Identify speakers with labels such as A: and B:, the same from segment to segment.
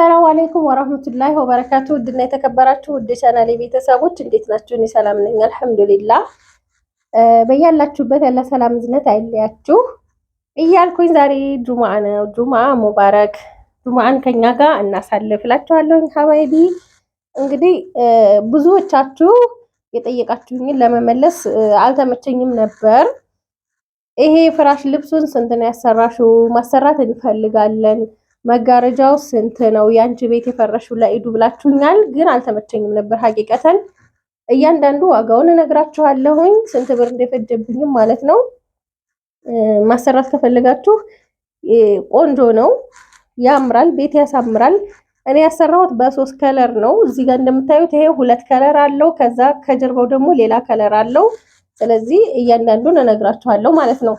A: አሰላሙ አሌይኩም ወረህመቱላሂ ወበረካቱ። ውድና የተከበራችሁ ውድ ቻናል ቤተሰቦች እንዴት ናችሁ? እኔ ሰላም ነኝ አልሐምዱሊላህ። በያላችሁበት ያለ ሰላም ዝነት አይለያችሁ እያልኩኝ ዛሬ ጁምአ ነው። ጁምአ ሙባረክ። ጁምአን ከኛ ጋር እናሳልፍላችኋለሁ ሀባይቢ። እንግዲህ ብዙዎቻችሁ የጠየቃችሁኝን ለመመለስ አልተመቸኝም ነበር። ይሄ ፍራሽ ልብሱን ስንት ነው ያሰራሽው? ማሰራት እንፈልጋለን መጋረጃው ስንት ነው የአንቺ ቤት የፈረሹ ለኢዱ ብላችሁኛል፣ ግን አልተመቸኝም ነበር ሀቂቀተን። እያንዳንዱ ዋጋውን እነግራችኋለሁኝ ስንት ብር እንደፈጀብኝም ማለት ነው። ማሰራት ከፈለጋችሁ ቆንጆ ነው፣ ያምራል፣ ቤት ያሳምራል። እኔ ያሰራሁት በሶስት ከለር ነው። እዚህ ጋር እንደምታዩት ይሄ ሁለት ከለር አለው። ከዛ ከጀርባው ደግሞ ሌላ ከለር አለው። ስለዚህ እያንዳንዱን እነግራችኋለሁ ማለት ነው።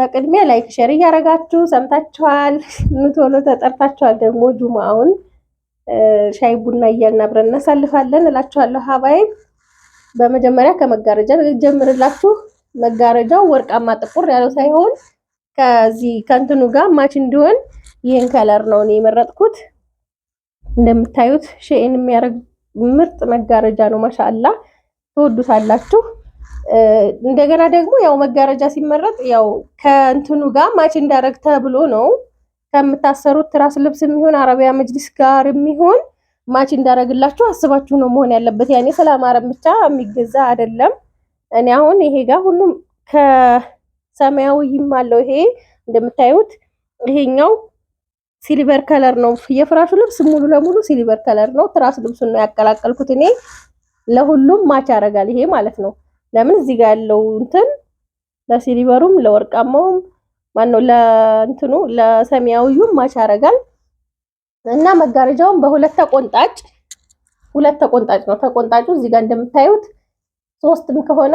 A: በቅድሚያ ላይክ ሼር እያደረጋችሁ ሰምታችኋል። ምቶሎ ተጠርታችኋል። ደግሞ ጁማውን ሻይ ቡና እያልን አብረን እናሳልፋለን እላችኋለሁ። ሀባይ በመጀመሪያ ከመጋረጃ ጀምርላችሁ። መጋረጃው ወርቃማ ጥቁር ያለው ሳይሆን ከዚህ ከእንትኑ ጋር ማች እንዲሆን ይህን ከለር ነው እኔ የመረጥኩት። እንደምታዩት ሼን የሚያደርግ ምርጥ መጋረጃ ነው። ማሻአላ ትወዱታላችሁ። እንደገና ደግሞ ያው መጋረጃ ሲመረጥ ያው ከእንትኑ ጋር ማች እንዳረግ ተብሎ ነው ከምታሰሩት ትራስ ልብስ የሚሆን አረቢያ መጅሊስ ጋር የሚሆን ማች እንዳረግላችሁ አስባችሁ ነው መሆን ያለበት። ያኔ ሰላም አረም ብቻ የሚገዛ አይደለም። እኔ አሁን ይሄ ጋር ሁሉም ከሰማያዊ አለው ይሄ እንደምታዩት ይሄኛው ሲሊቨር ከለር ነው። የፍራሹ ልብስ ሙሉ ለሙሉ ሲሊቨር ከለር ነው። ትራስ ልብሱን ነው ያቀላቀልኩት እኔ። ለሁሉም ማች ያደርጋል ይሄ ማለት ነው። ለምን እዚህ ጋር ያለው እንትን ለሲሊቨሩም ለወርቃማውም ነው ለእንትኑ ለሰማያዊውም ማች ያደርጋል እና መጋረጃውም በሁለት ተቆንጣጭ ሁለት ተቆንጣጭ ነው። ተቆንጣጩ እዚህ ጋር እንደምታዩት ሶስትም ከሆነ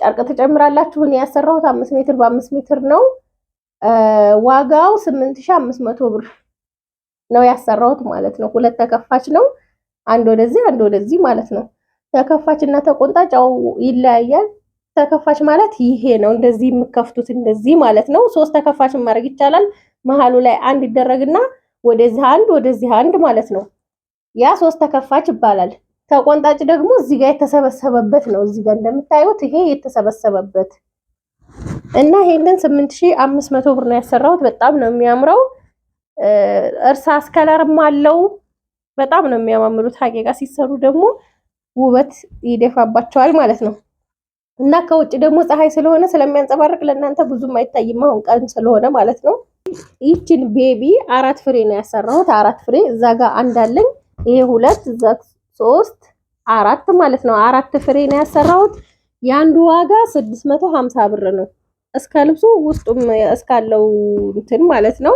A: ጨርቅ ትጨምራላችሁ። እኔ ያሰራሁት አምስት ሜትር በአምስት ሜትር ነው። ዋጋው ስምንት ሺህ አምስት መቶ ብር ነው ያሰራሁት ማለት ነው። ሁለት ተከፋች ነው። አንድ ወደዚህ አንድ ወደዚህ ማለት ነው። ተከፋች እና ተቆንጣጫው ይለያያል። ተከፋች ማለት ይሄ ነው፣ እንደዚህ የምከፍቱት እንደዚህ ማለት ነው። ሶስት ተከፋች ማድረግ ይቻላል። መሀሉ ላይ አንድ ይደረግና ወደዚህ አንድ ወደዚህ አንድ ማለት ነው። ያ ሶስት ተከፋች ይባላል። ተቆንጣጭ ደግሞ እዚህ ጋር የተሰበሰበበት ነው። እዚህ ጋር እንደምታዩት ይሄ የተሰበሰበበት እና ይሄንን 8500 ብር ነው ያሰራሁት። በጣም ነው የሚያምረው። እርሳስ ከለርም አለው። በጣም ነው የሚያማምሩት። ሀቂቃ ሲሰሩ ደግሞ ውበት ይደፋባቸዋል ማለት ነው። እና ከውጭ ደግሞ ፀሐይ ስለሆነ ስለሚያንፀባርቅ ለእናንተ ብዙም አይታይም፣ አሁን ቀን ስለሆነ ማለት ነው። ይችን ቤቢ አራት ፍሬ ነው ያሰራሁት። አራት ፍሬ እዛ ጋር አለኝ፣ ይሄ ሁለት እዛ ሶስት አራት ማለት ነው። አራት ፍሬ ነው ያሰራሁት። የአንዱ ዋጋ ሀምሳ ብር ነው። እስከ ልብሱ ውስጡም እስካለው እንትን ማለት ነው።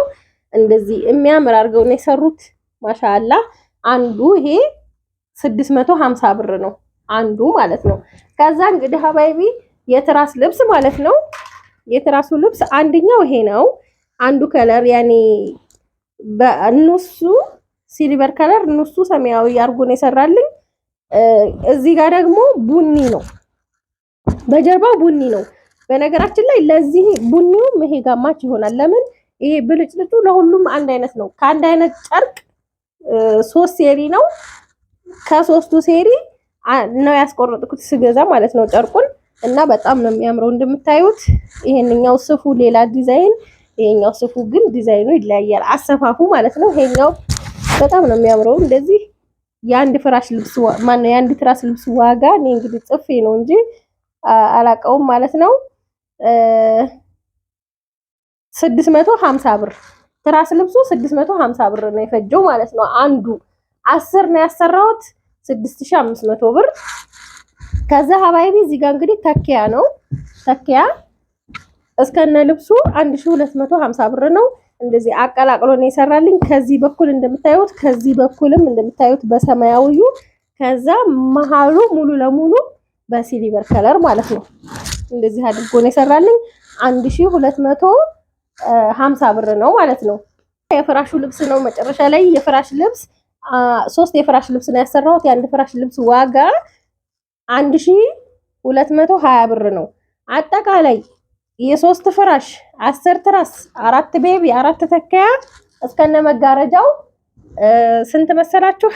A: እንደዚህ የሚያምር አድርገው ነው የሰሩት። ማሻአላ አንዱ ይሄ 650 ብር ነው አንዱ ማለት ነው። ከዛ እንግዲህ ሀባይቢ የትራስ ልብስ ማለት ነው። የትራሱ ልብስ አንደኛው ይሄ ነው። አንዱ ከለር ያኔ በእነሱ ሲልቨር ከለር እነሱ ሰማያዊ አርጎን የሰራልኝ። እዚህ ጋር ደግሞ ቡኒ ነው፣ በጀርባው ቡኒ ነው። በነገራችን ላይ ለዚህ ቡኒውም ይሄ ጋማች ይሆናል። ለምን ይሄ ብልጭልጩ ለሁሉም አንድ አይነት ነው። ከአንድ አይነት ጨርቅ ሶስት ሴሪ ነው። ከሶስቱ ሴሪ ነው ያስቆረጥኩት ስገዛ ማለት ነው ጨርቁን እና በጣም ነው የሚያምረው እንደምታዩት። ይሄንኛው ስፉ ሌላ ዲዛይን፣ ይሄኛው ስፉ ግን ዲዛይኑ ይለያያል፣ አሰፋፉ ማለት ነው። ይሄኛው በጣም ነው የሚያምረው። እንደዚህ የአንድ ፍራሽ ልብስ ማነው የአንድ ትራስ ልብስ ዋጋ እኔ እንግዲህ ጽፌ ነው እንጂ አላቀውም ማለት ነው። ስድስት መቶ ሀምሳ ብር ትራስ ልብሱ ስድስት መቶ ሀምሳ ብር ነው የፈጀው ማለት ነው አንዱ አስር ነው ያሰራሁት 6500 ብር። ከዛ ሀባይቢ እዚህ ጋር እንግዲህ ተኪያ ነው ተኪያ እስከነ ልብሱ 1250 ብር ነው። እንደዚህ አቀላቅሎ ነው የሰራልኝ። ከዚህ በኩል እንደምታዩት ከዚህ በኩልም እንደምታዩት በሰማያዊው ከዛ መሃሉ ሙሉ ለሙሉ በሲሊቨር ከለር ማለት ነው። እንደዚህ አድርጎ ነው የሰራልኝ 1250 ብር ነው ማለት ነው። የፍራሹ ልብስ ነው መጨረሻ ላይ የፍራሽ ልብስ ሶስት የፍራሽ ልብስ ነው ያሰራሁት። የአንድ ፍራሽ ልብስ ዋጋ አንድ ሺ ሁለት መቶ ሀያ ብር ነው። አጠቃላይ የሶስት ፍራሽ አስር ትራስ አራት ቤቢ አራት ተከያ እስከነ መጋረጃው ስንት መሰላችሁ?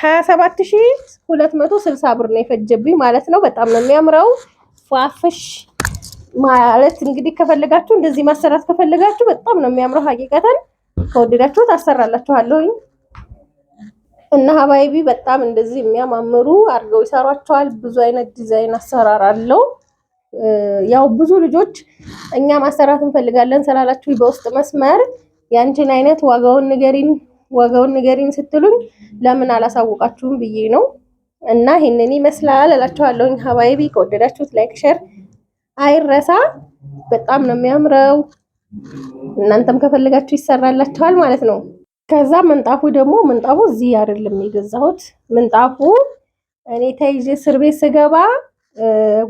A: ሀያ ሰባት ሺ ሁለት መቶ ስልሳ ብር ነው የፈጀብኝ ማለት ነው። በጣም ነው የሚያምረው ፏፍሽ ማለት እንግዲህ ከፈልጋችሁ እንደዚህ ማሰራት ከፈለጋችሁ በጣም ነው የሚያምረው። ሀቂቀተን ከወደዳችሁ ታሰራላችኋለሁኝ። እና ሀባይቢ በጣም እንደዚህ የሚያማምሩ አድርገው ይሰሯቸዋል። ብዙ አይነት ዲዛይን አሰራር አለው። ያው ብዙ ልጆች እኛ ማሰራት እንፈልጋለን ስላላችሁ በውስጥ መስመር ያንቺን አይነት ዋጋውን ንገሪን፣ ዋጋውን ንገሪን ስትሉኝ ለምን አላሳውቃችሁም ብዬ ነው። እና ይህንን ይመስላል እላችኋለሁኝ። ሀባይቢ ከወደዳችሁት ላይክ፣ ሸር አይረሳ። በጣም ነው የሚያምረው። እናንተም ከፈለጋችሁ ይሰራላችኋል ማለት ነው። ከዛ ምንጣፉ ደግሞ ምንጣፉ እዚህ አይደለም የገዛሁት። ምንጣፉ እኔ ተይዤ እስር ቤት ስገባ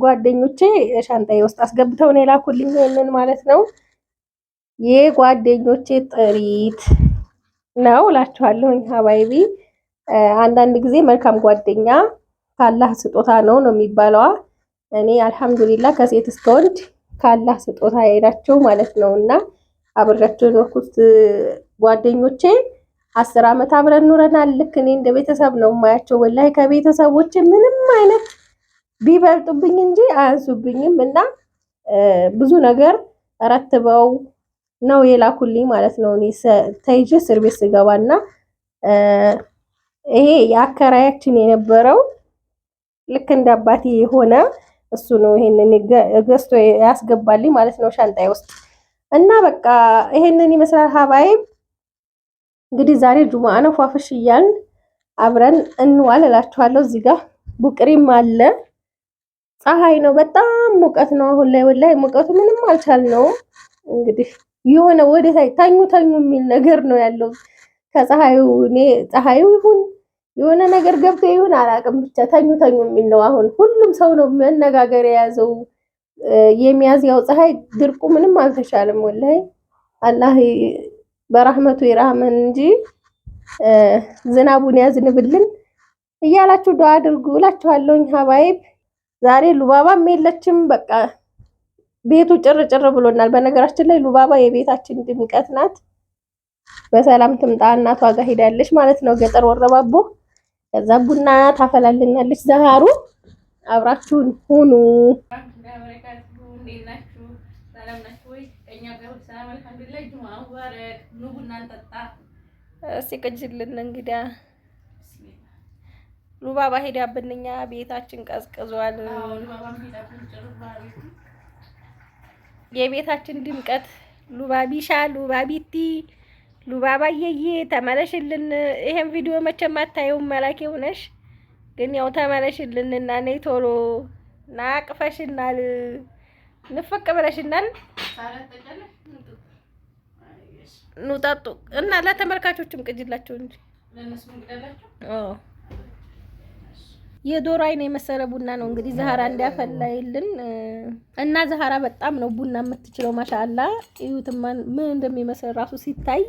A: ጓደኞቼ ሻንጣዬ ውስጥ አስገብተው ነው የላኩልኝ። ይሄንን ማለት ነው የጓደኞቼ ጥሪት ነው እላችኋለሁኝ። ሀባይቢ አንዳንድ ጊዜ መልካም ጓደኛ ካላህ ስጦታ ነው ነው የሚባለዋ። እኔ አልሐምዱሊላ ከሴት እስከ ወንድ ካላህ ስጦታ ሄዳቸው ማለት ነው እና አብሬያቸው የኖርኩት ጓደኞቼ አስር ዓመት አብረን ኑረናል። ልክ እኔ እንደ ቤተሰብ ነው ማያቸው ወላይ ከቤተሰቦች ምንም አይነት ቢበልጡብኝ እንጂ አያንሱብኝም። እና ብዙ ነገር ረትበው ነው የላኩልኝ ማለት ነው። እኔ ተይዤ እስር ቤት ስገባና ይሄ የአከራያችን የነበረው ልክ እንደ አባቴ የሆነ እሱ ነው ይሄንን ገዝቶ ያስገባልኝ ማለት ነው ሻንጣይ ውስጥ እና በቃ ይሄንን ይመስላል ሀባይም እንግዲህ ዛሬ ጁማአ ነው። ፏፍሽ እያልን አብረን እንዋል እላችኋለሁ። እዚህ ጋር ቡቅሪም አለ። ፀሐይ ነው፣ በጣም ሙቀት ነው አሁን ላይ። ወላይ ሙቀቱ ምንም አልቻልነውም። እንግዲህ የሆነ ወደ ታይ ተኙ ተኙ የሚል ነገር ነው ያለው ከፀሐዩ። እኔ ፀሐዩ ይሁን የሆነ ነገር ገብቶ ይሁን አላቅም፣ ብቻ ተኙ ተኙ የሚል ነው አሁን። ሁሉም ሰው ነው መነጋገር የያዘው የሚያዝ ያው ፀሐይ ድርቁ ምንም አልተሻለም ወላይ አላህ በራህመቱ ይራህመን እንጂ ዝናቡን ያዝንብልን እያላችሁ ዱአ አድርጉ እላችኋለሁኝ። ሀባይብ ዛሬ ሉባባም የለችም። በቃ ቤቱ ጭር ጭር ብሎናል። በነገራችን ላይ ሉባባ የቤታችን ድምቀት ናት። በሰላም ትምጣ እናቷ ጋር ሄዳለች ማለት ነው፣ ገጠር ወረባቦ። ከዛ ቡና ታፈላልናለች። ዘሃሩ አብራችሁን ሁኑ።
B: ከኛ ጋር ሁሉ ሰላም አልሐምዱሊላህ። ጁማ ሙባረክ። ኑ ቡና እንጠጣ ቅጅልን እንግዳ ሉባባ ሄዳብን እኛ ቤታችን ቀዝቅዟል። የቤታችን ድምቀት ሉባቢሻ፣ ሉባቢቲ፣ ሉባባ ተመለሽልን። ይሄን ቪዲዮ መቼም አታየውም መላክ ሆነሽ ግን ያው ተመለሽልን እና ነይ ቶሎ ናቅፈሽናል። ንፍቅ ብለሽናል። ኑጣጡ እና ለተመልካቾችም ቅጅላቸው እንጂ የዶሮ አይን የመሰለ ቡና ነው እንግዲህ ዛህራ እንዲያፈላይልን እና ዛህራ በጣም ነው ቡና የምትችለው። ማሻላ እዩትማ ምን እንደሚመስል ራሱ ሲታይ።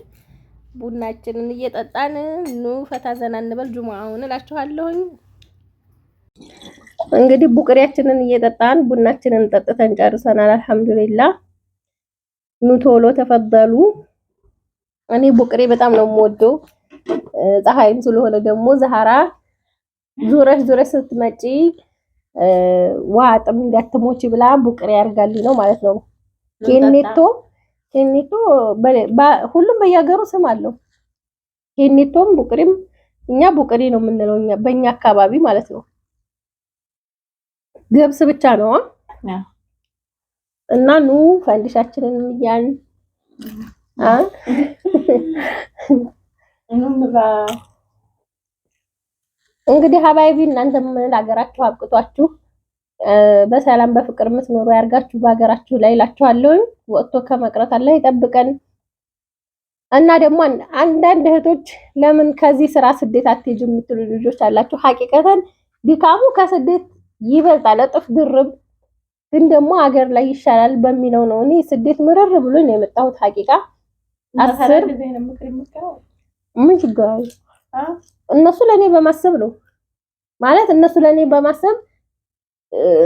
B: ቡናችንን እየጠጣን ኑ ፈታ ዘና እንበል። ጁሙአውን እላችኋለሁኝ። እንግዲህ ቡቅሪያችንን እየጠጣን ቡናችንን ጠጥተን ጨርሰናል። አልሐምዱሊላ ኑ ቶሎ ተፈበሉ። እኔ ቡቅሬ በጣም ነው የምወደው። ፀሐይም ስለሆነ ደግሞ ዛህራ ዙረሽ ዙረሽ ስትመጪ ዋጥም እንዳትሞች ብላ ቡቅሬ ያርጋልኝ ነው ማለት ነው። ኬኔቶ ኬኔቶ ሁሉም በየሀገሩ ስም አለው። ኬኔቶም ቡቅሪም እኛ ቡቅሬ ነው የምንለው በእኛ አካባቢ ማለት ነው። ገብስ ብቻ ነው እና ኑ ፈንዲሻችንን እያል እንግዲህ ሀባይቢ እናንተ ምን ሀገራችሁ አብቅቷችሁ በሰላም በፍቅር የምትኖሩ ያርጋችሁ በሀገራችሁ ላይ እላችኋለሁ። ወጥቶ ከመቅረት አለ ይጠብቀን። እና ደግሞ አንዳንድ እህቶች ለምን ከዚህ ስራ ስደት አትሄጂም የምትሉ ልጆች አላችሁ። ሀቂቀተን ድካሙ ከስደት ይበልጣል እጥፍ ድርብ ግን ደግሞ ሀገር ላይ ይሻላል በሚለው ነው። እኔ ስደት ምርር ብሎ ነው የመጣሁት። ሀቂቃ አስር ምን ችግር አለ? እነሱ ለእኔ በማሰብ ነው ማለት እነሱ ለእኔ በማሰብ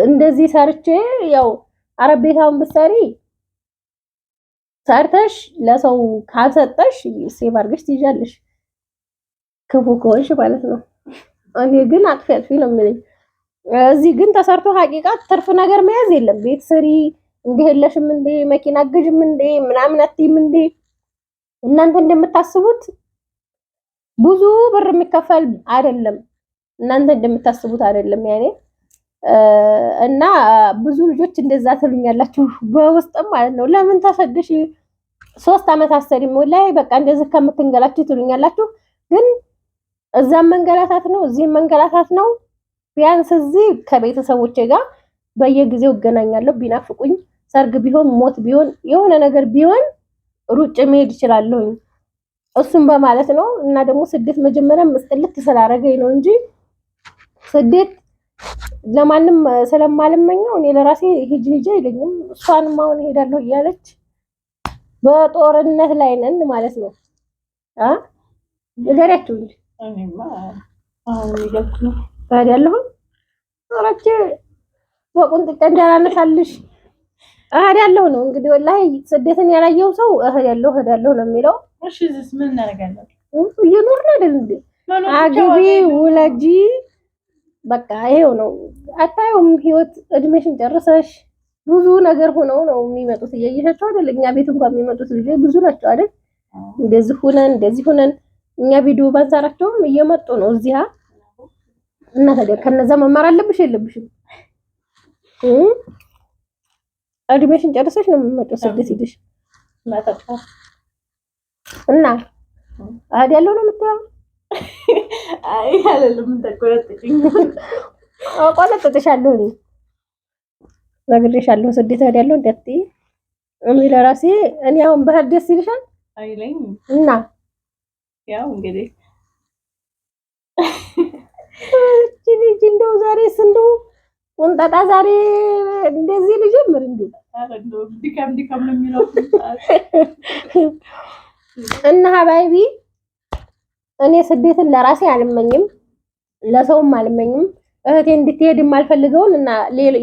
B: እንደዚህ ሰርቼ ያው አረብ ብትሰሪ ሰርተሽ ለሰው ካልሰጠሽ ሴቭ አድርገሽ ትይዣለሽ፣ ክፉ ከሆንሽ ማለት ነው። እኔ ግን አጥፊ አጥፊ ነው የሚለኝ እዚህ ግን ተሰርቶ ሀቂቃ ትርፍ ነገር መያዝ የለም። ቤት ስሪ እንዲህለሽም እንዴ መኪና ግዥም እንዴ ምናምን አትይም እንዴ። እናንተ እንደምታስቡት ብዙ ብር የሚከፈል አይደለም። እናንተ እንደምታስቡት አይደለም ያኔ እና ብዙ ልጆች እንደዛ ትሉኛላችሁ በውስጥም ማለት ነው። ለምን ተሰደሽ ሶስት ዓመት አሰሪም ላይ በቃ እንደዚህ ከምትንገላችሁ ትሉኛላችሁ። ግን እዛም መንገላታት ነው፣ እዚህም መንገላታት ነው። ቢያንስ እዚህ ከቤተሰቦቼ ጋር በየጊዜው እገናኛለሁ። ቢናፍቁኝ፣ ሰርግ ቢሆን፣ ሞት ቢሆን፣ የሆነ ነገር ቢሆን ሩጭ መሄድ እችላለሁኝ። እሱም በማለት ነው እና ደግሞ ስደት መጀመሪያም ምስጥልት ስላረገኝ ነው እንጂ ስደት ለማንም ስለማልመኘው እኔ ለራሴ ሂጂ ሂጂ አይለኝም። እሷንም አሁን እሄዳለሁ እያለች በጦርነት ላይ ነን ማለት ነው። ንገሪያቸው እንጂ ባድ ያለሁን ራቼ በቁንጥጫ እንዳላነሳልሽ እህድ ያለሁ ነው እንግዲህ ወላሂ ስደትን ያላየው ሰው እህድ ያለሁ እህድ ያለሁ ነው የሚለው። እሺ እዚህ ምን እናደርጋለን? እየኖርን አይደል እንዴ? አግቢ፣ ውለጂ፣ በቃ ይሄው ነው። አታየውም? ህይወት እድሜሽን ጨርሰሽ ብዙ ነገር ሆነው ነው የሚመጡት። እያየሻቸው አይደል? እኛ ቤት እንኳን የሚመጡት ልጆች ብዙ ናቸው አይደል? እንደዚህ ሆነን እንደዚህ ሆነን እኛ ቪዲዮ ባንሰራቸውም እየመጡ ነው እዚያ እና ታዲያ ከነዛ መማር አለብሽ የለብሽም? እድሜሽን ጨርሰሽ ነው የምመጪው ስደት ሄደሽ እና አህድ ያለው ነው የምትለው? አይ አለልም ተቆረጥኩኝ። ቆለጥጥሻለሁ እኔ ነግሬሻለሁ። ስደት አህድ ያለው እንዳትዪ። እኔ ለራሴ እኔ አሁን ባህር ደስ ይልሻል አይለኝ እና ያው እንግዲህ ልጅ እንደው ዛሬ ስንዱ ቁንጠጣ ዛሬ እንደዚህ ልጀምር እንዴ? ነው የሚለው እና ሀባይቢ እኔ ስደትን ለራሴ አልመኝም፣ ለሰውም አልመኝም። እህቴ እንድትሄድ አልፈልገውን እና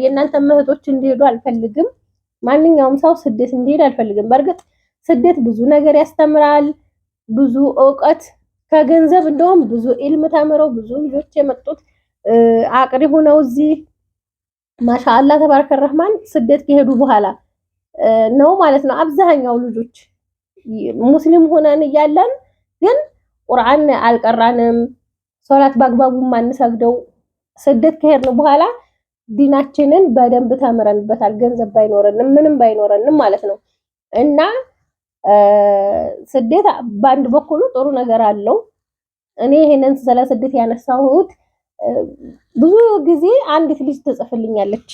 B: የእናንተ እህቶች እንዲሄዱ አልፈልግም። ማንኛውም ሰው ስደት እንዲሄድ አልፈልግም። በእርግጥ ስደት ብዙ ነገር ያስተምራል፣ ብዙ እውቀት ከገንዘብ እንደውም ብዙ ኢልም ተምረው ብዙ ልጆች የመጡት አቅሪ ሆነው እዚህ ማሻአላ ተባረከ ረህማን ስደት ከሄዱ በኋላ ነው ማለት ነው። አብዛኛው ልጆች ሙስሊም ሆነን እያለን ግን ቁርአን አልቀራንም፣ ሶላት በአግባቡ ማንሰግደው ስደት ከሄድን በኋላ ዲናችንን በደንብ ተምረንበታል። ገንዘብ ባይኖረንም ምንም ባይኖረንም ማለት ነው እና ስደት በአንድ በኩሉ ጥሩ ነገር አለው። እኔ ይሄንን ስለ ስደት ያነሳሁት ብዙ ጊዜ አንዲት ልጅ ትጽፍልኛለች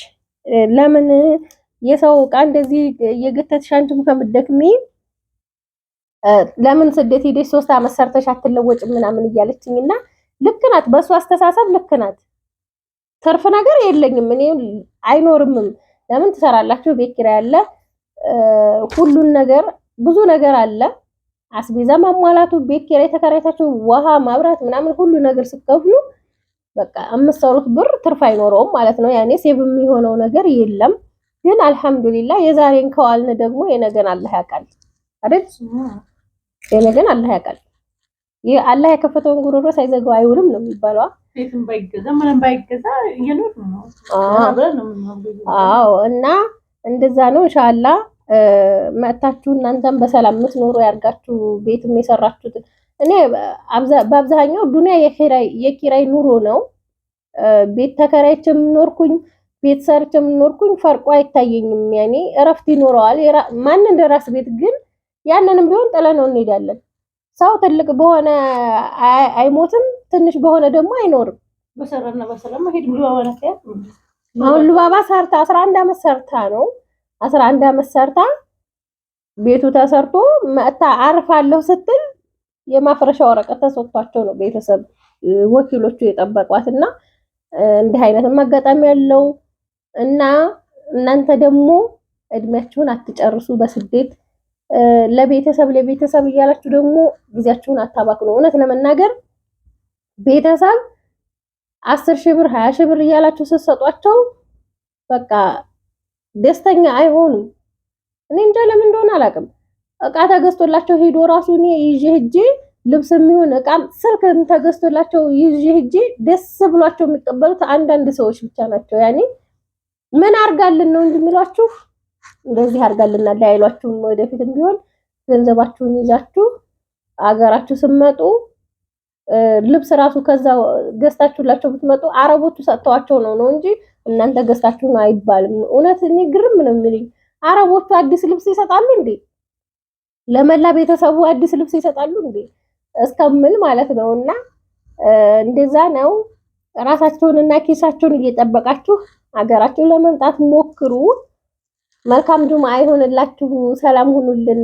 B: ለምን የሰው ዕቃ እንደዚህ የገተትሽ አንቺም ከምትደክሚ ለምን ስደት ሄደሽ ሶስት አመት ሰርተሽ አትለወጭም ምናምን እያለችኝ እና ልክ ናት። በእሱ አስተሳሰብ ልክ ናት። ትርፍ ነገር የለኝም እኔ አይኖርምም። ለምን ትሰራላችሁ፣ ቤት ኪራይ አለ፣ ሁሉን ነገር ብዙ ነገር አለ። አስቤዛ ማሟላቱ፣ ቤት ኪራይ ተከራይታችሁ፣ ውሃ፣ ማብራት ምናምን ሁሉ ነገር ስትከፍሉ በቃ የምትሰሩት ብር ትርፍ አይኖረውም ማለት ነው። ያኔ ሴብ የሚሆነው ነገር የለም። ግን አልሐምዱሊላ የዛሬን ከዋልን ደግሞ የነገን አላህ ያውቃል አይደል? የነገን አላህ ያውቃል። ይህ አላህ የከፈተውን ጉሮሮ ሳይዘጋው አይውልም ነው የሚባለው። አዎ እና እንደዛ ነው። ኢንሻአላህ መጥታችሁ እናንተም በሰላም የምትኖሩ ያርጋችሁ ቤትም የሰራችሁትን እኔ በአብዛኛው ዱንያ የኪራይ ኑሮ ነው። ቤት ተከራይቼ ኖርኩኝ ቤት ሰርቼ ኖርኩኝ። ፈርቆ አይታየኝም። ያኔ እረፍት ይኖረዋል ማን እንደራስ ራስ ቤት ግን ያንንም ቢሆን ጥለነው እንሄዳለን። ሰው ትልቅ በሆነ አይሞትም፣ ትንሽ በሆነ ደግሞ አይኖርም። አሁን ሉባባ ሰርታ አስራ አንድ አመት ሰርታ ነው አስራ አንድ አመት ሰርታ ቤቱ ተሰርቶ መጥታ አርፋለሁ ስትል የማፍረሻ ወረቀት ተሰጥቷቸው ነው ቤተሰብ ወኪሎቹ የጠበቋት እና እንዲህ አይነት አጋጣሚ ያለው እና እናንተ ደግሞ እድሜያችሁን አትጨርሱ በስደት ለቤተሰብ ለቤተሰብ እያላችሁ ደግሞ ጊዜያችሁን አታባክኑ። እውነት ለመናገር ቤተሰብ አስር ሺህ ብር ሀያ ሺህ ብር እያላችሁ ስትሰጧቸው በቃ ደስተኛ አይሆኑም። እኔ እንጃ ለምን እንደሆነ አላውቅም። እቃ ተገዝቶላቸው ሄዶ ራሱ እኔ ይዤ ሂጄ ልብስ የሚሆን እቃም ስልክ ተገዝቶላቸው ይዤ ሂጄ ደስ ብሏቸው የሚቀበሉት አንዳንድ ሰዎች ብቻ ናቸው። ያኔ ምን አርጋልን ነው እንጂ የሚሏችሁ እንደዚህ አርጋልና ላይሏችሁም ወደፊትም ቢሆን ገንዘባችሁን ይዛችሁ አገራችሁ ስመጡ ልብስ ራሱ ከዛ ገዝታችሁላቸው ብትመጡ አረቦቹ ሰጥተዋቸው ነው ነው እንጂ እናንተ ገዝታችሁ ነው አይባልም። እውነት እኔ ግርም ነው የሚልኝ አረቦቹ አዲስ ልብስ ይሰጣሉ እንዴ? ለመላ ቤተሰቡ አዲስ ልብስ ይሰጣሉ እንዴ እስከምል ማለት ነው። እና እንደዛ ነው። ራሳቸውንና ኪሳቸውን እየጠበቃችሁ ሀገራችሁ ለመምጣት ሞክሩ። መልካም ጁምዓ ይሆንላችሁ። ሰላም ሁኑልን።